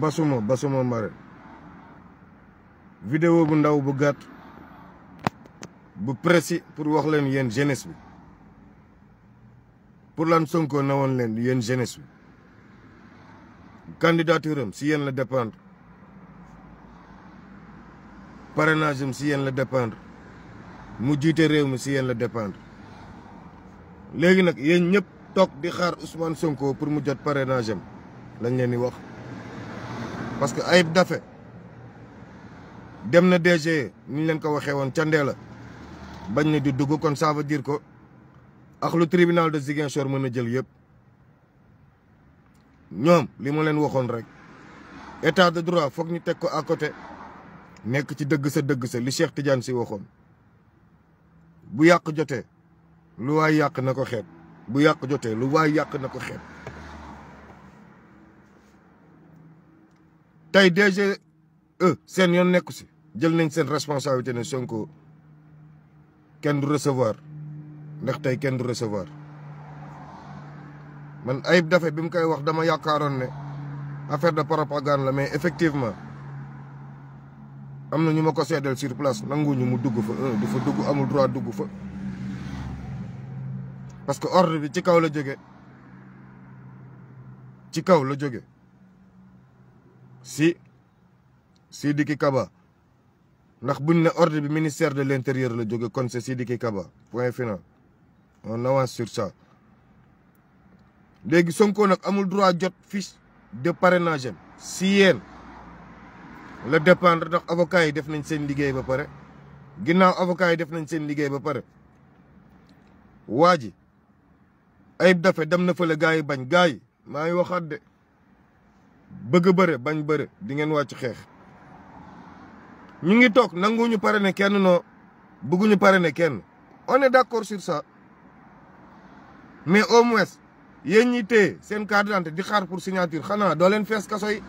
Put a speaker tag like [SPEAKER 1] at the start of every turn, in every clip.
[SPEAKER 1] basuma basuma mbare vidéo bu ndaw bu gàtt bu pressi pour wax leen yéen jeunesse bi pour lan Sonko ne woon leen yéen jeunesse bi candidature am si yéen la dépendre parrainage si yéen la dépendre mu jiite réew mi si yéen la dépendre léegi nag yéen ñëpp toog di xaar Ousmane Sonko pour mu jot parrainage am lañ leen di wax parce que Ayib dafe dem na DG ni ñu leen ko waxee woon candee la bañ na di dugg kon ça veut dire ak lu tribunal de Ziguinchor mën a jël yëpp ñoom li ma leen waxoon rek état de droit foog ñu teg ko à côté nekk ci dëgg sa dëgg sa li Cheikh Tidiane si waxoon bu yàq jotee lu waay yàq na ko xeet bu yàq jotee lu waay yàq na ko xeeb tey DGE euh, seen yoon nekku si jël nañ seen responsabilité ne Sonko kenn du recevoir ndax kenn du recevoir man Ayib Daffé bi mu koy wax dama yaakaaroon ne affaire de propagande la mais effectivement am na ñu ma ko seedeel sur place nanguñu mu dugg fa euh, dugg amul droit dugg fa parce que ordre bi ci kaw la jóge ci kaw la jóge si Sidiki Kaba ndax buñ ne ordre bi ministère de l'intérieur la jóge kon c'est Sidiki Kaba point final on avance sur ça léegi Sonko nag amul droit jot fiche de parrainage si yéen la dépendre ndax avocat yi def nañ seen liggéey ba pare ginnaaw avocat yi def nañ seen liggéey ba pare waa ji ayib dafe dem na fële bañ gars yi waxaat de bëgg bëre bañ bëre di ngeen wàcc xeex ñu ngi toog nanguwuñu pare ne kenn noo bëgguñu pare ne kenn one est d'accord sur ça mais au moins yéen ñi tey seen carte d'identité di xaar pour signature xanaa doo fees kasoy yi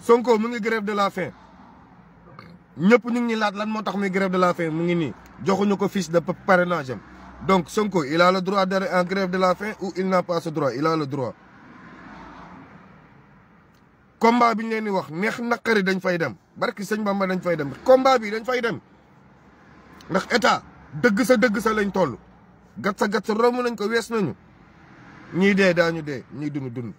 [SPEAKER 1] Sonko mu ngi grève de la faim ñëpp ñu ngi laat lan moo tax muy grève de la faim mu ngi nii joxuñu ko fiche de parrainage am Donc Sonko, il a le droit d'aller en grève de la fin ou il n'a pas ce droit il le droit combat bi ñu leen di wax neex naqari dañ fay dem barki sëñ Bamba dañ fay dem combat bi dañ fay dem ndax état dëgg sa dëgg sa lañ toll gat sa gat sa ko wees nañu ñii dee daañu dee ñii dund dund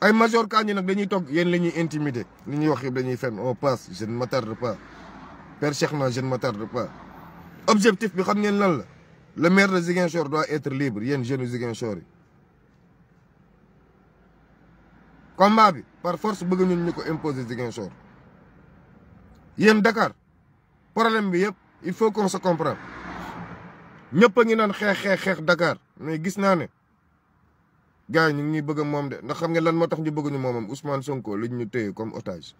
[SPEAKER 1] ay major kaa ñi nag dañuy toog yéen la ñuy intimider li ñuy wax yëpp dañuy fenn on passe je ne m'attarde pas Père Cheikh na je ne m'attarde pas objectif bi xam ngeen lan la le maire de Ziguinchor doit être libre yéen jeunes Ziguinchor yi combat bi par force bëgg ñun ñu ko imposer Ziguinchor yéen Dakar problème bi yëpp il faut qu'on se comprenne ñëpp a ngi naan xeex xeex xeex Dakar mais gis naa ne gars yi ñu ngi ñuy bëgg moom de ndax xam ngeen lan moo tax ñu bëgg ñu moom Ousmane Sonko lañ ñu téye comme otage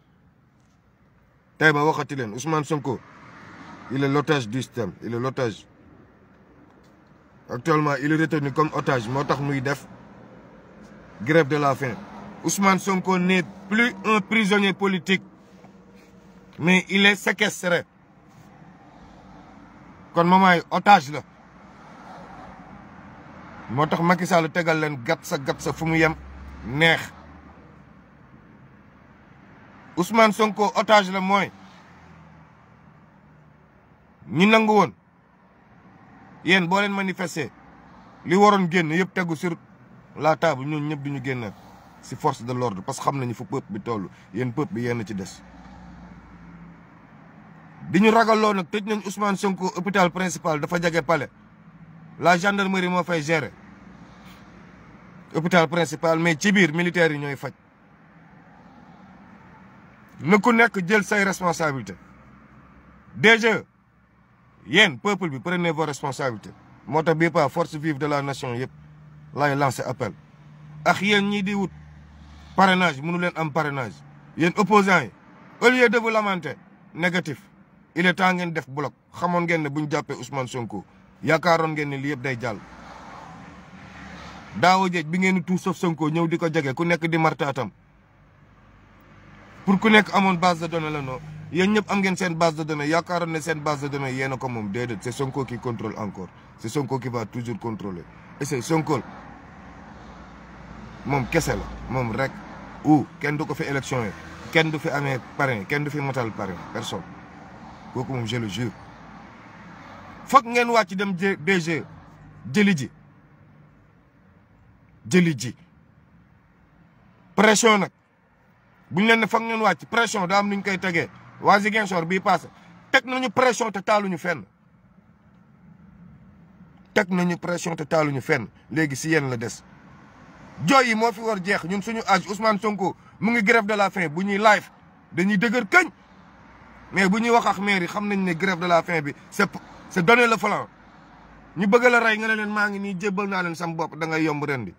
[SPEAKER 1] tey ba waxati leen Ousmane Sonko. Il est l'otage du système. Il est l'otage. Actuellement, il est retenu comme otage. Motak def grève de la faim. Ousmane Sonko n'est plus un prisonnier politique, mais il e séquestré. Kon maman est otage là. Motak Macky Sall tegal len gatsa gatsa fu mu yem neex. Ousmane Sonko otage la mooy. ñi nangu woon yéen boo leen manifester li waroon génn yëpp tegu sur la table ñun ñëpp duñu génn si force de l'ordre parce que xam nañu fu peuple bi toll yéen peuple bi yéen ci des. di ñu ragaloo nag tëj nañ Ousmane Sonko hôpital principal dafa jege pale la gendarmerie moo fay gere hôpital principal mais ci biir militaires yi ñooy faj. na ku nekk jël say responsabilité DG yéen peuple bi prenez vos responsabilités moo tax bii pas force vive de la nation yëpp lay lancer appel ax yéen ñii di wut parenage mënu leen am parrainage yéen opposants yi au lieu de négatif il est temps ngeen def bloc xamoon ngeen ne bu ñu jàppee Ousmane Sonko yaakaaroon ngeen ne lii yëpp day jàll daaw jeej bi ngeen di tout sauf ñëw di ko jege ku nekk di martaatam pour ku nekk amoon base de données la non yéen ñëpp am ngeen seen base de données yaakaaroon ne seen base de données yéen a ko moom déedéet c' est Sonko qui contrôle encore c' est va toujours contrôler et c' est moom kese la moom rek ou kenn du ko fi élection yi kenn du fi amee parrain kenn du fi motal parrain personne kooku moom je le jure foog ngeen wàcc dem DG jëli ji jëli ji pression nag bu ñu leen ne foog ngeen wàcc pression daa am nu ñu koy tegee waa Ziguinchor bii passé teg nañu pression te taaluñu fenn teg nañu pression te ñu fenn léegi si yéen la des jooy yi moo fi war jeex ñun suñu âge Ousmane Sonko mu ngi grève de la faim bu ñuy live dañuy dëgër këñ mais bu ñuy wax ak maire yi xam nañ ne grève de la faim bi c'est c'est donner le flanc ñu bëggal la rey nga ne leen maa ngi nii jébbal naa leen sam bopp da yomb ren di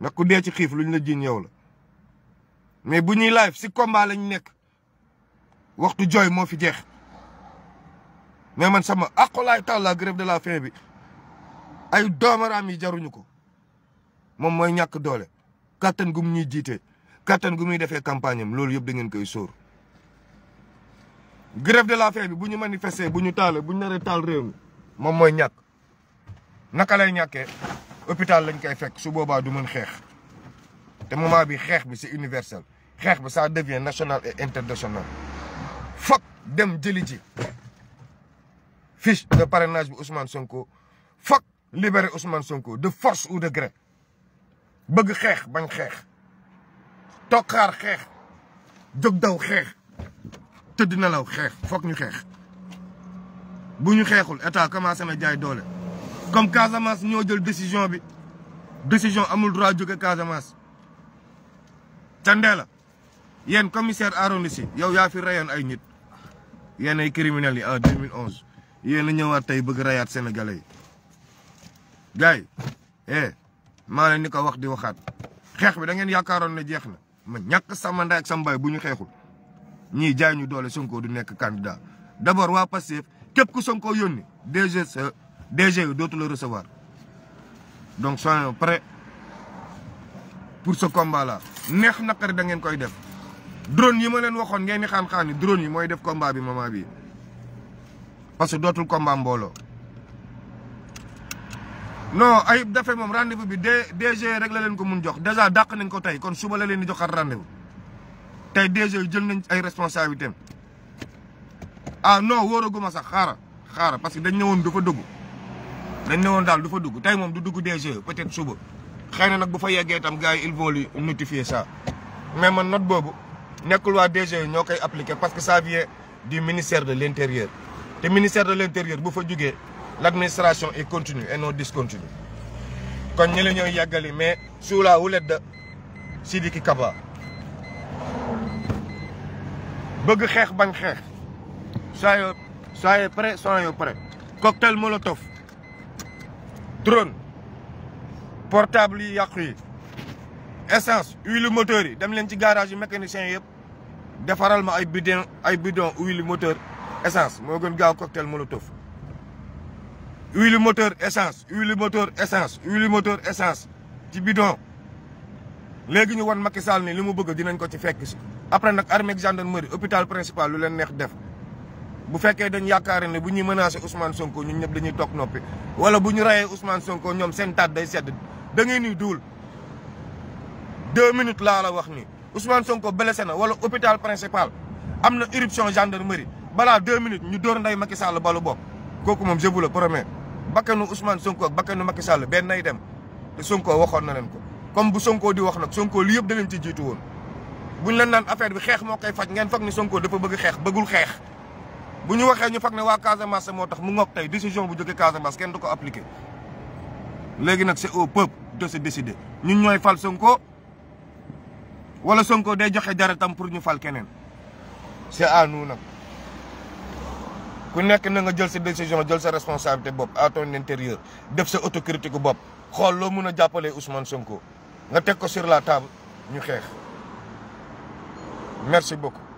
[SPEAKER 1] nag ku dee ci xiif lu ñu la jiiñ yow la mais bu ñuy live si combat lañu nekk waxtu jooy moo fi jeex mais man sama aqulaay la grève de la faim bi ay doomaraam yi jaruñu ko moom mooy ñàkk doole kattan gu mu ñuy jiite kattan gu muy defee campagne am loolu yëpp da ngeen koy sóor grève de la faim bi bu ñu manifester bu ñu taale bu ñu naree taal moom mooy ñàkk naka lay ñàkkee hôpital lañ koy fekk su boobaa du mën xeex te moment bi xeex bi c'est universel xeex bi saa devient national et international foog dem jëli ji fiche de bi Ousmane Sonko foog libérer Ousmane Sonko de force ou de bëgg xeex bañ xeex toog xaar xeex jóg daw xeex tëdd nelaw xeex foog ñu xeex bu ñu xeexul état commencé na jaay doole comme Casamance ñoo jël décision bi décision amul droit jóge Casamance ca Ndella yéen commissaire arrondissement yow yaa fi rayoon ay nit yéen ay criminels yi en 2011 yéen a ñëwaat tey bëgg rayaat sénégalais yi. gars yi eh maa leen ni ko wax di waxaat xeex bi da ngeen yaakaaroon ne jeex na ma ñàkk sama ndaay bu ñu xeexul ñii jaay ñu doole Sonko du nekk candidat d'abord waa Pastef képp ku Sonko yónni DG DG dootu la recevoir donc soyons prêts. pour ce combat là neex naqari da ngeen koy def drone yi ma leen waxoon ngeen di xaan-xaan ni drone yi mooy def combat bi moment bi parce que dootul combat mbooloo no ay Daffé moom rendez-vous bi DG rek la leen ko mun jox déjà dàq nañ ko tey kon suba la leen di joxaat rendez-vous tey DG jël nañ ay responsabilités ah non wóoraguma sax xaara xaara parce que dañ ne woon du fa dugg dañ ne woon daal du fa dugg tey moom du dugg DG peut-être suba xëy na nag bu fa yeggee itam gars yi ils vont lui notifier ça mais man note boobu nekkul waa DG ñoo koy appliquer parce que ça vient di ministère de l' intérieur te ministère de l' intérieur bu fa jugee l' administration est continue et non discontinue kon ñi la ñooy yàggali mais sous la houlette de Sidiki Kaba bëgg xeex bañ xeex soyez soyez prêts soyez prêts cocktail molotov drone portable yi yàqu yi essence huile moteur yi dem leen ci garage yi mécanicien yëpp defaral ma ay bidon ay bidon huile moteur essence moo gën gaaw cocktail molotov huile moteur essence huile moteur essence huile moteur essance ci bidon léegi ñu wan Macky Sall ni li mu bëgg dinañ ko ci fekk si après nag armée gendarmerie hôpital principal lu leen neex def bu fekkee dañ yaakaar ne bu ñuy menacé Ousmane Sonko ñu ñëpp dañuy toog noppi wala bu ñu rayee Ousmane Sonko ñoom seen day sedd da ngay ni duul deux minutes laa la wax ni Ousmane Sonko blessé na wala hôpital principal am na éruption gendarmerie balaa deux minutes ñu door nday Macky Sall balu bopp kooku moom je vous le promets bakkanu Ousmane Sonko ak bakkanu Macky Sall benn nay dem te Sonko waxoon na leen ko comme bu Sonko di wax nag Sonko li yëpp da leen ci jiitu woon bu buñ leen naan affaire bi xeex moo koy faj ngeen foog ni Sonko dafa bëgg xeex bëggul xeex bu ñu waxee ñu foog ne waa Casamance moo tax mu ngoog tey décision bu jógee Casamance kenn ko appliqué léegi nag c'est au peuple de se décider ñu ñooy fal Sonko wala Sonko day joxe daratam pour ñu fal keneen c'est à nous ku nekk na nga jël sa décision jël sa responsabilité bopp à ton intérieur def sa autocritique bopp xool loo mun a jàppalee Ousmane Sonko nga teg ko sur la table ñu xeex merci beaucoup.